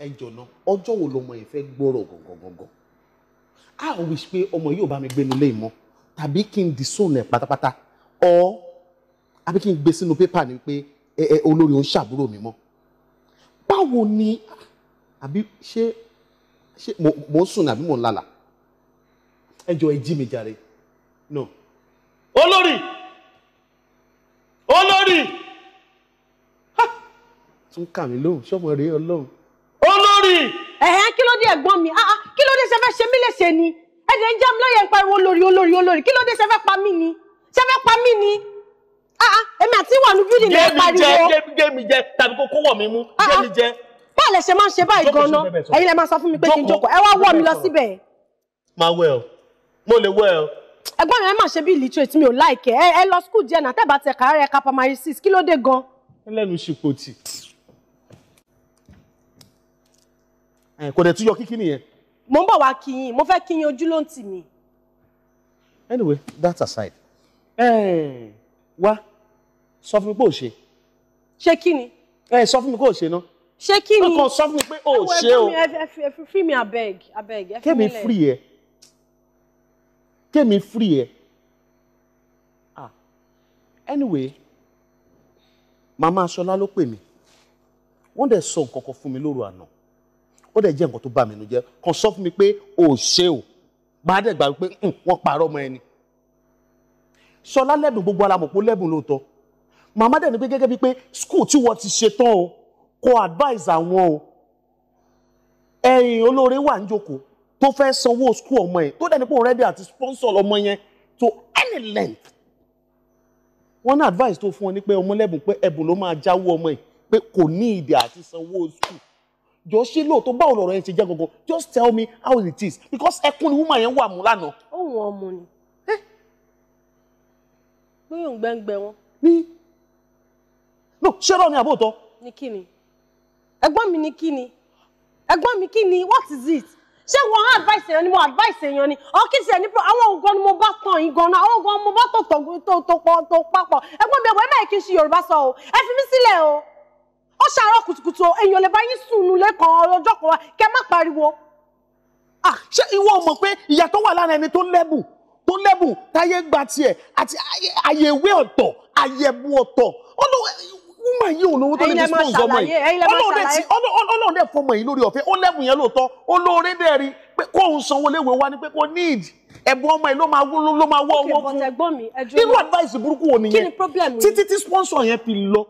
ẹ jọ̀nà ọjọ́ wo lọmọ yẹn fẹ́ gbọ́rọ̀ gọ̀ngọ̀ngọ̀ngọ̀ a ò wíṣ pé ọmọ yóò bá mi gbénu lé mọ́ tàbí kí n di sóònù ẹ̀ pátápátá ọ àbí kí n gbé sínú pépà ni pé ẹ ẹ olórí ò ṣàbúrò mi mọ́ báwo ni àbí ṣé ṣé mò ń sùn àbí mò ń lálàá ẹ jọ ẹ jí mi jàre no olórí olórí tún kà mí lóhùn ṣọmọ rèé Ọlọ́run ẹ̀gbọ́n mi ah ah kí ló dé ṣe fẹ́ ṣe mí léṣe ni ẹ̀dẹ̀ ń já mi lóye ń pariwo olórí olórí olórí kí ló dé ṣe fẹ́ pa mí ni ṣe fẹ́ pa mí ni ah ah èmi àti wà ní bídìí náà pariwo. gémi jẹ tàbí kó kówọ̀ ah, ah, mi mú gémi jẹ. báà lẹ ṣe máa ń ṣe báyìí gan-an ẹ̀yin lẹ máa sọ fún mi pé kí n jókòó ẹ wá wọ̀ mi lọ síbẹ̀. máa wẹ̀ ọ́ mo lè wẹ̀ ọ́ ẹ̀gbọ́n mi ẹ má ṣe bí illiterate mi ò láìkẹ ẹ lọ skul díẹ̀ náà tẹ́ bá tẹ kàárẹ kápá six kí ló dé gan. ẹlẹ́nu ṣìpò Eh, kò dẹ̀ tún yọ kíkí nìyẹn. mo ń bọ̀ wá kí yín mo fẹ́ kí yín ojú ló ń tì mí. anyway that aside eh, wá sọ fún mi pé ò ṣe. ṣé kí ni. ẹ eh, sọ fún mi pé ò ṣe ná. ṣé kí ni ọkàn sọ fún mi pé ò ṣe o. ẹ fi abeg abeg ẹ fi mi lẹ. kémi free ẹ kémi free ẹ ah anyway màmá aṣọlá ló pè mí wọ́n dẹ̀ sọ nǹkan kan fún mi lóru àná ó dẹ̀ jẹ́ nǹkan tó bà mí nínú jẹ́ kàn sọ fún mi pé o ò ṣe o máa dẹ̀ gbà wípé wọ́n parọ́ ọmọ ẹni. Ṣọlá lẹ́bùn gbogbo alamọ̀pọ̀ lẹ́bùn lóòótọ́ màmá dẹ̀ ní pé gẹ́gẹ́ bíi pé school tí wọ́n ti ṣe tán o kò advise àwọn o ẹ̀yìn olóore wà ń jókòó tó fẹ́ sanwó school ọmọ yẹn tó dẹ̀ ní pé òun rẹ́dí àti sponsor ọmọ yẹn to any length wọ́n ní advice tó fún ọ ní pé ọmọ lẹ́bùn pé ẹ̀bùn ló máa jáwọ́ ọmọ yìí pé kò ní ìdí àti sanwó school jọ ṣé lóòótọ́ báwo lọ̀rọ̀ yẹn ṣe jẹ́ gangan just tell me how it is because ẹkún ni woman yẹn wà mú lánàá. ó wọn ọmọ ni gbóyún gbẹ́ngbẹ́ wọn. ní no ṣé rọ ni àbóòtọ́. ní kí ni ẹ̀gbọ́n mi ní kí ni ẹ̀gbọ́n mi kí what is it ṣé wọn advice èèyàn ni mo advice èèyàn ni ọ kí tiẹ̀ ní pro àwọn ògùn ni mo bá tàn yín gan náà àwọn ògùn mo bá tò tó papọ̀ ẹ̀gbọ́n mi ẹ̀wọ̀ ẹ̀ báyìí kí n ṣe Yorùbá sọ o ẹ fi mí sílẹ̀ o ó ṣàárọ̀ kùtùkùtù èèyàn lè bá yín sùn nulẹ̀ kan ọjọ́ kan wa kẹ́ má pariwo. Ah, ṣé ìwọ mọ̀ pé ìyà tó wà lára ẹni tó lẹ́bùn tó lẹ́bùn táyé gba tiẹ̀ àti àyèwé ọ̀tọ̀ àyẹ̀bù ọ̀tọ̀ wúmọ̀ yìí ò lówó tó lè dispose ọmọ yìí ọlọ́run dẹ̀ fọmọ yìí lórí ọ̀fẹ́ ó lẹ́bùn yẹn lóòótọ́ olóore dẹ̀ rí pé kó ń sanwó léwé wá ni pé kó need ẹ̀bùn ọmọ yìí ló máa wọ́ owó fún irú advice burúkú wo nìyẹn títí tí sponsor yẹn fi lọ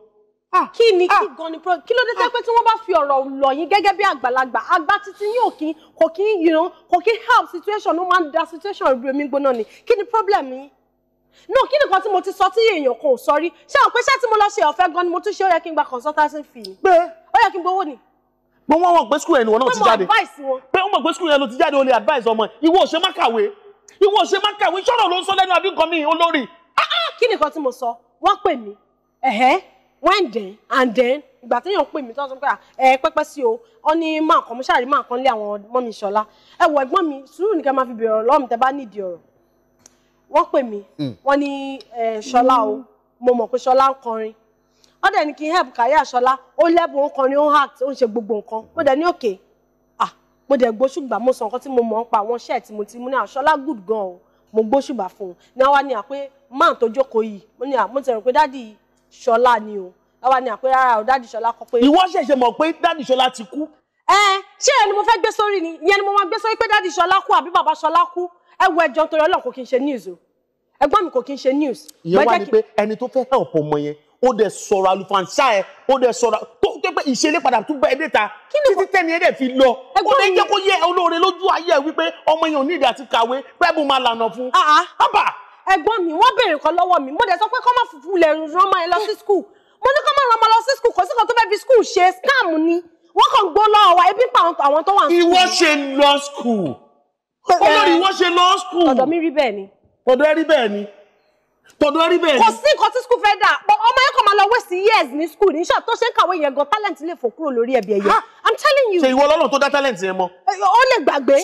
Ah, kí ni ah. kí gan ni problem kí ló dé sẹ́pẹ́ ah. tí wọ́n bá fi ọ̀rọ̀ lọ̀ yín gẹ́gẹ́ bí àgbàlagbà àgbà títí yín ò kò kí you know kò kí help situation ó máa ń da situation ìbí omi gbóná ni kí ni problem yín no kí nìkan tí mo ti sọ tí èèyàn kan ò sọ rí ṣé àwọn pé ṣé tí mo lọ ṣe ọ̀fẹ́ gan ni mo tún ṣe ó yẹ kí n gba consultancy fee ni pé ó yẹ kí n gbowó ni pé wọ́n mọ̀ pé skul ẹni wọn náà ti jáde pé wọ́n mọ̀ pé skul ẹni ló ti jáde o lè advice ọmọ ìwọ ò ṣe má kàwé ìwọ ò ṣe má kàwé sọ̀rọ̀ ló ń sọ lẹ́nu àbí nǹkan mi olórí. kí nìkan tí mo sọ wọ́n pè mí when then and then ìgbà téèyàn pè mí tó sọ pé ẹ pẹ́pẹ́ sí o ọ ní máa kàn mú ṣáàrí máa kàn lé àwọn ọmọ mi ṣọlá ẹ wọ ẹ̀gbọ́n mi sùúrù nìkan máa fi bèrè ọ̀rọ̀ lọ́wọ́ mi tẹ́ bá nídìí ọ̀rọ̀ wọ́n pè mí hmm. wọ́n ní ṣọlá o mo mọ̀ pé ṣọlá ń kọrin ó dẹ̀ ní kí n help kàyà ṣọlá ó lẹ́bùn ó kọrin ó ń ó ń ṣe gbogbo nǹkan mo dẹ̀ ní òkè ah mo dẹ̀ gbóṣùgbà mo sọ nǹkan tí mo mọ̀ ń pa àwọn iṣẹ́ tí mo ti mú ní àṣọlá good gan o mo gbóṣùgbà fún un ní wá ní à pé máà tó jókòó yìí mo ní à mo ti rò pé dádì yìí ṣọlá ni o àwa ni àpé rárá o dáàdì ṣọlá kọ pé. ìwọ ṣẹ̀ṣẹ̀ mọ̀ pé dáàdì ṣọlá ti kú. ẹ ṣé ẹni mo fẹ́ gbé sórí ni ìyẹn ni mo máa gbé sórí pé dáàdì ṣọlá kú àbí bàbá ṣọlá kú ẹ wo ẹjọ́ torí Ọlọ́run kò kí n ṣe news o ẹ̀gbọ́n mi kò kí n ṣe news. ìyẹn wá ní pé ẹni tó fẹ́ help ọmọ yẹn ó dẹ sọ̀rọ̀ àlùfáàṣà ẹ ó dẹ sọ̀rọ̀ tó tó pé ìṣẹ̀lẹ̀ padà tún bẹ ẹdẹ ta títí tẹni ẹdẹ fi lọ ó lè jẹ kó yẹ olóore lójú ayé ẹ wípé ọmọ yẹn ò ní ìdí àti kàwé pẹ́ẹ́bù máa lànà fún. àbá ah, ah ẹ̀gbọ́n mi wọ́n béèrè kan lọ́wọ́ mi mo dẹ̀ sọ pé kọ́ má fufu lẹ̀ ràn máa lọ sí school mo ní kọ́ má ràn máa lọ sí school kò sí kan tó fẹ́ fi school ṣe scam ni wọ́n kàn gbó lọ́wọ́ wa ebi pa àwọn tó wà ní. ìwọ ṣe lọ school olórí ìwọ ṣe lọ school. ọ̀dọ̀ mi rí bẹ́ẹ̀ ni. ọ̀dọ̀ ẹ rí bẹ́ẹ̀ ni. ọ̀dọ̀ ẹ rí bẹ́ẹ̀ ni. kò sí nǹkan tí school fẹ́ dà ọmọ yẹn k máa lọ years ní school ní tó ṣe ń kàwé yẹn gan talent lè fò kúrò lórí ẹbí ẹyẹ i'm telling you. ṣe ìwọ ọlọ́run tó dá talent yẹn mọ̀. ó lè gbàgbé.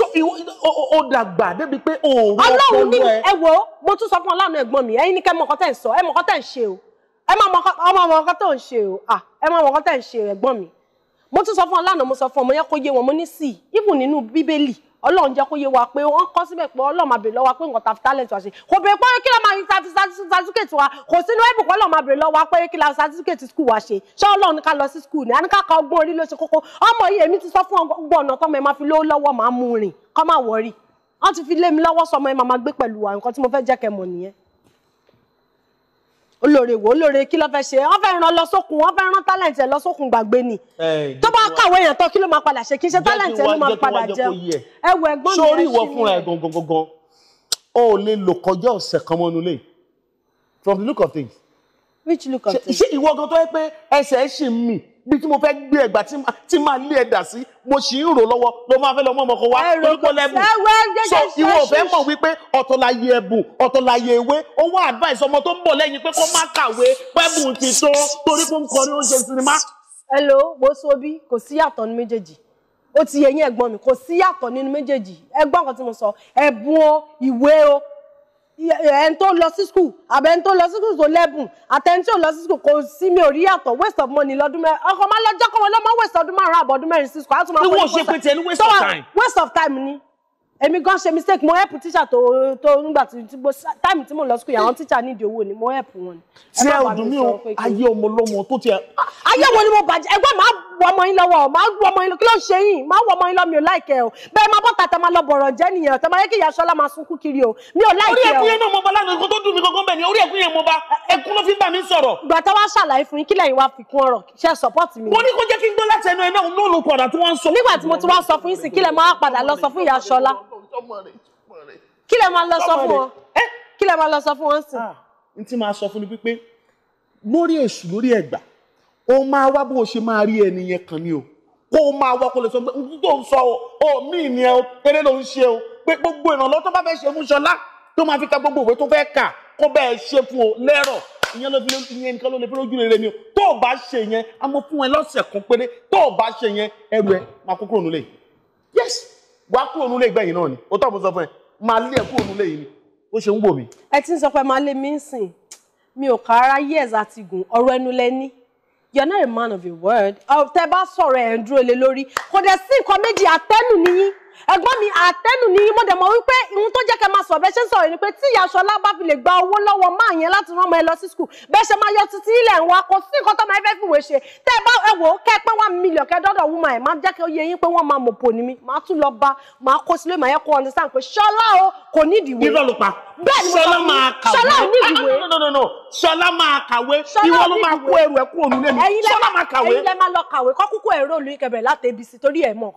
ó dàgbà débi pé òun ọlọ́run ní ẹ mo tún sọ fún ọlọ́run ẹ̀gbọ́n mi ẹ̀yin ní kẹ́ mọ̀ tẹ̀ ń sọ ẹ mọ̀ tẹ̀ ń ṣe o ẹ máa tẹ̀ ń ṣe o ẹ máa tẹ̀ ń ṣe ẹ̀gbọ́n mi mo tún sọ fún ọlọ́run mo sọ fún ọmọ yẹn kó yé wọn mo ní sí even nínú bíbélì ọlọ́run jẹ́ kó yé wa pé wọ́n kọ́ síbẹ̀ pé ọlọ́run máa bèrè lọ́wọ́ pé nǹkan tàfi talent wa ṣe kò bèrè pé kí ló máa yin certificate wa kò sínú ẹ̀bù kọ́ ọlọ́run máa bèrè lọ́wọ́ pé kí la certificate school wa ṣe ṣé ọlọ́run ní ká lọ sí school ní a ní ká ka ọgbọ́n orí ló ṣe kókó ọmọ yìí èmi ti sọ fún ọgbọ́n ọ̀nà tọ́mọ ẹ máa fi lówó lọ́wọ́ máa mú rìn kọ́ máa wọ̀rí wọ́n ti fi lé mi lọ́wọ́ sọmọ ẹ máa máa gbé pẹ̀lú wa nǹkan tí mo fẹ́ jẹ́ kẹ́ mọ̀ nìyẹn olóore wo olóore kí ló fẹ́ ṣe wọ́n fẹ́ ràn lọ sókun wọ́n fẹ́ ràn talent ẹ̀ lọ sókun gbàgbé ni tó bá kàwé èèyàn tán kí ló máa padà ṣe kí ṣe talent ẹ̀ ló máa padà jẹ ẹ wọ mi ẹ ṣe ni sórí ìwọ fúnra ẹ gangan gangan o ò lè lò kọjá ọ̀sẹ̀ kan mọ́nu lé from the look of things. which look of things. ṣé ìwọ gan tó yẹ pé ẹsẹ̀ ẹ̀ ṣì ń mì bí tí mo fẹ́ gbé ẹ̀gbà tí máa lé ẹ̀dà sí mo sì ń rò lọ́wọ́ mo máa fẹ́ lọ mọ́ ọmọ kan lẹ́bùn so ìwọ ò mọ̀ wípé ọ̀tọ̀ ẹ̀bùn ọ̀tọ̀ ewé ó advice ọmọ tó ń bọ̀ lẹ́yìn pé kó má kàwé pẹ́bùn ti tó torí pé ń kọrin oúnjẹ sinimá. hello wo sobi kò sí yàtọ̀ ní méjèèjì ó ti yẹ yín ẹ̀gbọ́n mi kò sí yàtọ̀ nínú méjèèjì ẹ̀gbọ́n kan tí mo sọ ẹ̀bùn o ìwé o ẹn tó lọ sí skul àbẹ̀n tó lọ sí skul tó lẹ́bùn àtẹ̀n tí ò lọ sí skul kò sí mi ò rí yàtọ̀ waste of money lọ́dún mẹ́rin ọkọ̀ máa lọ jẹ́ kọ́mọ lọ́mọ waste ọdún márùn-ún àbọ̀dún mẹ́rin sí skul. ìwọ ò ṣe pé tiẹ̀ ní waste of time. waste of time ni èmi gan ṣe mistake mo help teacher tó tó nígbà tí time ti mo lọ school àwọn teacher need owo ni mo help wọn. tí ẹ ọdún mi ò ayé ọmọ lọmọ tó ti ẹ. Ah! ayé ni mo bàjẹ́ e máa ma ọmọ yín lọ́wọ́ máa wọ ọmọ yín lọ kí ló ń ṣe yín máa wọ ọmọ yín lọ mi ò láìkẹ́ o bẹ́ẹ̀ máa bọ́ ma máa lọ bọ̀rọ̀ jẹ́ nìyẹn ma máa yẹ kí ìyá Ṣọlá máa sunkún kiri o mi ò láìkẹ́ o. orí ẹkún yẹn náà mo bá lana nǹkan tó dùn mi gangan bẹ́ẹ̀ ni orí ẹkún yẹn mo bá ẹkún ló fi bá mi sọ̀rọ̀. ìgbà tó wá ṣàlàyé fún yín kílẹ̀ yín wá fi kún ọ̀rọ̀ ṣe support mi. mo ní kó jẹ́ kí n gbọ́ láti ẹnu ẹ náà ló lò padà tí wọ́n ń sọ. nígbà tí mo ti wa sọ fún yín sí kílẹ̀ máa padà lọ sọ fún ìyá Ṣọlá kọ́mọ rẹ̀ kọ́mọ rẹ̀. kí lẹ máa lọ sọ fún wọn kí lẹ máa lọ sọ fún wọn sìn. Ah, n ti máa sọ fún ni pípé lórí èṣù lórí ẹ̀gbà ó máa wá bó o ṣe máa rí ẹni yẹn kan ni o kó o máa wá kó lè sọ pé n tó ń sọ o ò mí ni ẹ o eré ló ń ṣe o pé gbogbo ìrànlọ́ tó bá fẹ́ ṣe fún Ṣọlá tó máa fi ka gbogbo ìwé tó fẹ́ kà kó bẹ́ẹ̀ ṣe fún o lẹ́rọ̀ ìyẹn ló fi ló ìyẹn nìkan ló lè fi lójú rere ni o tó o bá ṣe yẹn a mọ fún ẹ lọ́sẹ̀ kan péré tó o bá ṣe yẹn ẹrù ẹ máa kó kúrò nílé yes wá kúrò nílé ìgbẹ̀yìn náà ni ó tọ́ mo sọ fún ẹ máa lé ẹ kúrò nílé yìí ni ó ṣe ń wò mí. ẹ ti ń sọ pé máa lé mi ń sìn mi ò kára years àti gùn ọ̀rọ̀ ẹnu lẹ́ni you are not a man of your word tẹ bá sọ̀rọ̀ ẹ̀ ń dúró lé lórí kò dẹ̀ sí nǹkan méjì àtẹ́nù nìyí ẹ̀gbọ́n mi àtẹnu ni mo dẹ̀ mọ̀ wípé ohun tó jẹ́ kẹ́ máa sọ bẹ́ẹ̀ ṣe ń sọ̀rọ̀ ni pé tí ìyá aṣọlá bá fi lè gba owó lọ́wọ́ máa yẹn láti rán ọmọ ẹ lọ sí skul bẹ́ẹ̀ ṣe máa yọ títí ilẹ̀ ń wa kò sí nǹkan tó máa fẹ́ fìwé ṣe tẹ́ ẹ bá ẹ wò ó kẹ́ pé wọ́n mílíọ̀ kẹ́ dọ́dọ̀ wúmọ̀ ẹ̀ máa jẹ́ kí ó yẹ yín pé wọ́n máa mọ̀pọ̀ ní mi máa tún lọ bá máa kó sílé máa yẹ kó understand pé ṣọlá o kò ní ìdìwé. irọ́ ló pa ṣọlá máa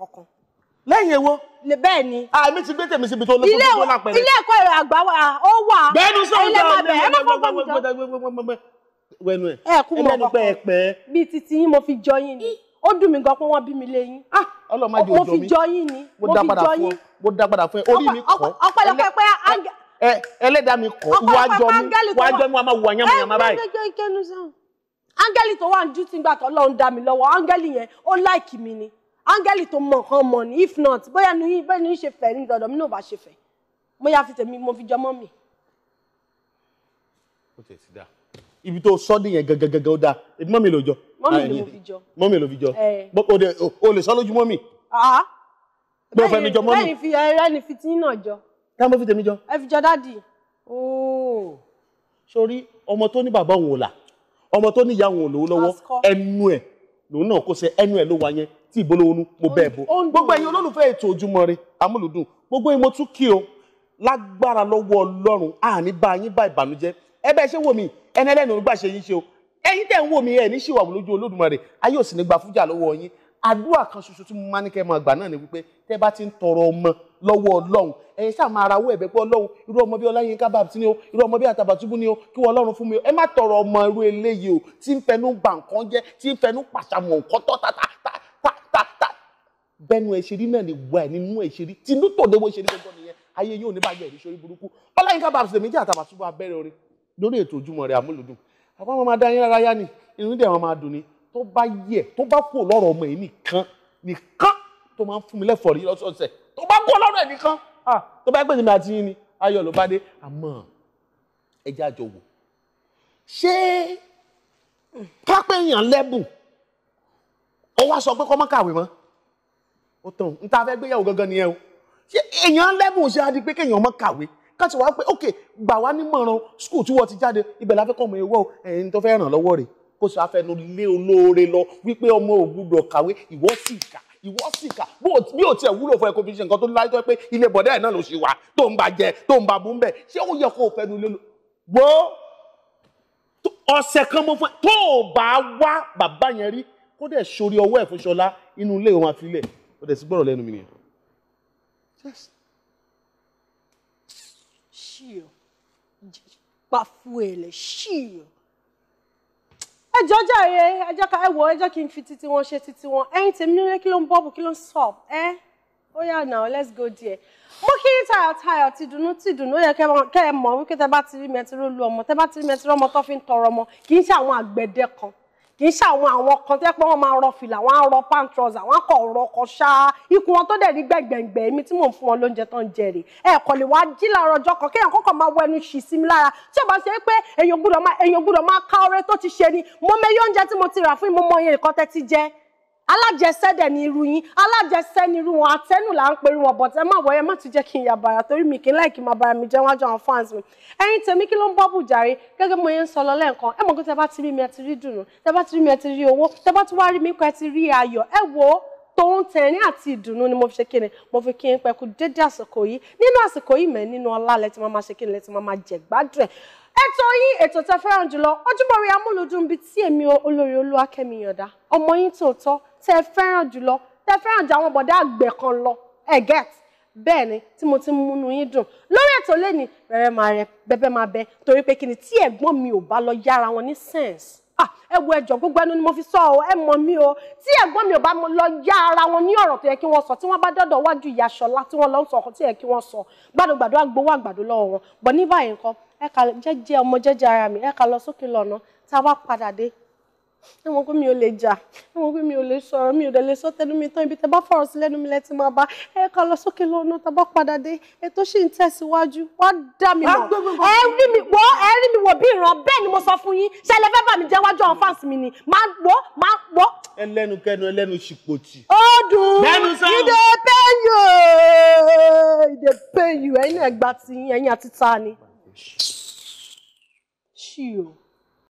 kàwé lẹ́yìn ewo. bẹ́ẹ̀ ni. àmì ah, ti gbé tèmi síbi tó lọ́sọ̀ tó wọ́n lápẹ̀rẹ̀. ilé ẹ̀kọ́ ẹ̀rọ àgbà wa ó wà. bẹ́ẹ̀ni sọ̀rọ̀ ilé máa bẹ̀rẹ̀ ẹ má fọ́n gbọ́n mi jọ. wẹnu ẹ ẹlẹni pẹ ẹ pẹ. bíi titi yín mo fi jọ yín ni ó dùn mí gan pé wọ́n bí mi lẹ́yìn. Ah, mo fi jọ yín ni mo fi jọ yín. mo dá padà fún ẹ orí mi kọ́. ọ̀pọ̀lọpọ̀ pé ẹlẹ́dàá mi kọ́ wájọ mi wájọ mi wà máa wà yánmayánmá báyìí áńgẹ́lì tó wà ń dútí gbà tó lọ́ọ́ ń dá mi lọ́wọ́ áńgẹ́lì yẹn ó láìkì mi ni áńgẹ́lì tó mọ nǹkan mọ̀ ní if not bóyá ní bẹ́ẹ̀ ní ṣe fẹ́ ní dọ̀dọ̀ mi náà bá ṣe fẹ́ mo yá fi tèmi mo fi jọmọ́ mi. ó tẹ̀ sí dáa ibi tó sọ nìyẹn gẹgẹgẹgẹ ó dáa ebi mọ́mì ló jọ. mọ́mì ló ah, fi jọ. mọ́mì ló fi jọ. Eh. o lè sọ lójú mọ́mì. Ah. bí o fẹ́ mi jọ mọ́mì. bẹ́ẹ̀ ni fi ẹ̀rẹ́ ni fi tí náà jọ. ká mo fi tèmi jọ. ẹ fi jọ dáàdì. sórí ọmọ tó ní bàbá òun ò là ọmọ tó ní ìyá òun ò lówó lọ́wọ́ ẹnu ẹ̀ lòun náà kó ṣe ẹnu ẹ̀ ló wá tí ìbólówónú mo bẹ́ẹ̀ bo gbogbo ẹ̀yin olólùfẹ́ ètò Ojúmọ́ Ire amúlùdùn gbogbo yín mo tún kí o lágbára lọ́wọ́ Ọlọ́run àní bá yín bá ìbànújẹ́ ẹ bẹ́ẹ̀ wò mí ẹni ẹlẹ́nu nígbà ṣe yín ṣe o ẹ̀yin tẹ̀ ń wò mí ẹ̀ ní ṣìwàwù lójú Olódùmarè ayé ò sì ní gba fújà lọ́wọ́ yín àdúrà kan ṣoṣo tí mo máa ní kẹ́ máa gbà náà ni wípé tẹ́ bá ti ń tọrọ ọmọ lọ́wọ́ Ọlọ́run ẹ̀yin sáà máa rawọ́ ẹ̀bẹ̀ pé Ọlọ́run irú ọmọ bí Ọláyínká Bàbá ni o irú ọmọ bí Àtàbàtúbú ni o kí wọ́n Ọlọ́run fún mi o ẹ má tọrọ ọmọ irú eléyìí o tí ń fẹnu ba nǹkan jẹ́ tí ń fẹnu pàṣàmọ̀ nǹkan tọ́ tata bẹ́nu ẹ̀ ṣe rí náà lè wà nínú ẹ̀ ṣe rí tinú tòde wo ṣe rí gbọ́dọ̀ nìyẹn ayé yóò ní bàjẹ́ ìrísí orí burúkú ọláyínká bàbá sèmi jẹ́ àtàbàtúbọ̀ abẹ́rẹ́ orin lórí ètò ojúmọ́ rẹ̀ àmúlùdùn àwọn ọmọ máa dá yín rárá yá ni inú dẹ̀ wọn máa dùn ni tó bá yẹ tó bá kú lọ́rọ̀ ọmọ yìí nìkan nìkan tó máa ń fún mi lẹ́fọ̀ọ́ rí lọ́sọ̀ọ̀sẹ̀ tó bá kú lọ́rọ̀ ẹ̀ nìkan tó bá gbèsè mi àti yín ni ayọ̀ ló bá dé àmọ́ ẹja àjọ wò ṣé pápẹ́yàn lẹ́bùn ó wá sọ pé kọ́ mọ́ ó tán n ta fẹ́ gbéyàwó gangan nìyẹn o ṣé èèyàn lẹ́bùn ṣe adi pé kéèyàn mọ́ kàwé káṣí wàá pé ok gbà wá nímọ̀ràn skul tí wọ́n ti jáde ibẹ̀ la fẹ́ kọ́ ọmọ ewu ọ ẹ̀yin tó fẹ́ ràn lọ́wọ́ rẹ̀ kó sọ afẹnu lé olóore lọ wípé ọmọ ò gbúdọ̀ kàwé ìwọ sì kà ìwọ sì kà bí o tiẹ̀ wúlò fún ẹ kó fi ṣe nǹkan tó láyé tó pé ilé bọ̀dá ẹ̀ náà ló ṣe wà tó ń bàjẹ́ tó ń bàbú ń bẹ̀ ṣé ó yẹ kó o fẹnu lé lọ wo ọ̀sẹ̀ kan mo fún ẹ tó o bá wá bàbá yẹn rí kó dẹ̀ sórí ọwọ́ ẹ̀ fún ṣọlá inú ilé òun àfilẹ̀ ó dẹ̀ sí gbọ́rọ̀ lẹ́nu mi nìyẹn. just ṣíyọ pa fuele ṣíyọ. ẹ jọ jàre ẹ jẹ́ ká ẹ wò ẹ jẹ́ kí n fi títí wọn ṣe títí wọn ẹ̀yin tèmi nílé kí ló ń bọ́ọ̀bù kí ló ń sọ̀p ẹ́ ó yá now let's go there. mo kí ní tayọ̀tayọ̀ ti dùnú ti dùnú ó yẹ kẹ́ ẹ mọ̀ wípé tẹ bá ti rí mẹtíró lu ọmọ tẹ bá ti rí mẹtíró ọmọ tó fi ń tọrọ ọmọ kì í ṣe àwọn àgbẹ̀dẹ kan kì í ṣàwọn àwọn kan tẹ́ pé wọ́n máa rọ fìlà wọ́n á rọ pantros àwọn akọ̀ ọ̀rọ̀ ọkọ̀ ṣá ikú wọn tó dẹ̀ rí gbẹ̀gbẹ̀gbẹ̀ èmi tí mò ń fún wọn lóúnjẹ tó ń jẹ rè ẹ kò lè wá jí láàárọ̀ ọjọ́ kan kéèyàn kọ́kọ́ máa wọ ẹnu ṣì sí mi lára tí ò bá ṣe pé èèyàn gbúdọ̀ máa èèyàn gbúdọ̀ máa ká ọrẹ tó ti ṣe ni mo mẹyọ oúnjẹ tí mo ti rà fún mi mo mọ ti jẹ alájẹsẹ́dẹ̀ ni irú yín alájẹsẹ́ ni irú wọn àtẹnù là ń pe irú wọn but ẹ má wọ ẹ má tún jẹ́ kí n yà bàrà torí mi kì í láì kí n máa bàrà mi jẹ́ wájú àwọn fans mi ẹ̀yin tèmi kí ló ń bọ́bù jàre gẹ́gẹ́ mo yẹn ń sọ lọ lẹ́ẹ̀kan ẹ mọ̀ pé tẹ bá ti rí mi ẹ ti rí dùnú tẹ bá ti rí mi ẹ ti rí owó tẹ bá ti wá rí mi pé ẹ ti rí ayọ̀ ẹ wò ó tòun tẹ̀rín àti ìdùnnú ni mo fi ṣe kí ni mo fi kí n pẹ́ kú dédé àsìkò yìí nínú àsìkò yìí mẹ́ nínú ọlá lẹ́tí máa ṣe kí ni lẹ́tí máa ma jẹ̀gbádùn ẹ̀ ètò yín ètò tẹ́ fẹ́ràn jùlọ Ojúmọ́ Ire amúlùdùn bíi tí èmi olórí Olúwakẹ́mi Ìyàndá ọmọ yín tòótọ́ tẹ́ fẹ́ràn jùlọ tẹ́ fẹ́ràn ju àwọn bọ̀dá àgbẹ̀ kan lọ ẹ gẹt bẹ́ẹ̀ ni tí mo ti múnú yín dùn lórí ètò lẹni rẹrẹ máa rẹ bẹbẹ máa bẹ torí pé kí ni tí ẹ̀gbọ́n mi ò bá lọ yára wọn ní sense ẹ wo ẹjọ gbogbo ẹnu ni mo fi sọ ọ ẹ mọ̀ mí o tí ẹ̀gbọ́n mi ò bá lọ yá ara wọn ní ọ̀rọ̀ tó yẹ kí wọ́n sọ tí wọ́n bá dọ̀dọ̀ wájú ìyá Ṣọlá tí wọ́n lọ ń sọ ọkọ tí yẹ kí wọ́n sọ gbàdúgbàdú àgbowó àgbàdo lọ́wọ́ wọn bọ ní báyìí nǹkan ẹ kà jẹ́jẹ́ ọmọ jẹ́jẹ́ ara mi ẹ kà lọ sókè lọ́nà tá a bá padà dé ẹ mọ̀ pé mi ò lè jà ẹ mọ̀ pé mi ò lè sọ̀rọ̀ mi ò dẹ̀ lè sọ tẹnu mi tán ibi tẹ bá fọ̀rọ̀ sí lẹ́nu mi lẹ́tí máa bá ẹ kà lọ sókè lọ́nà tá a bá padà dé ètò sì ń tẹ̀síwájú wá dá mi mọ̀ ẹ rí mi wọ ẹ rí mi wọ bí ìran bẹ́ẹ̀ ni mo sọ fún yín ṣe lè fẹ́ bà mí jẹ́ àwọn fans mi ni máa wọ́ máa wọ́. ẹlẹ́nukẹ́nu ẹlẹ́nu ṣìpòtì. ó dùn ìdè pẹ́yù ìdè pẹ́yù ẹ̀yin náà gbà ti ẹ̀yin àti ta ni. 쉬요.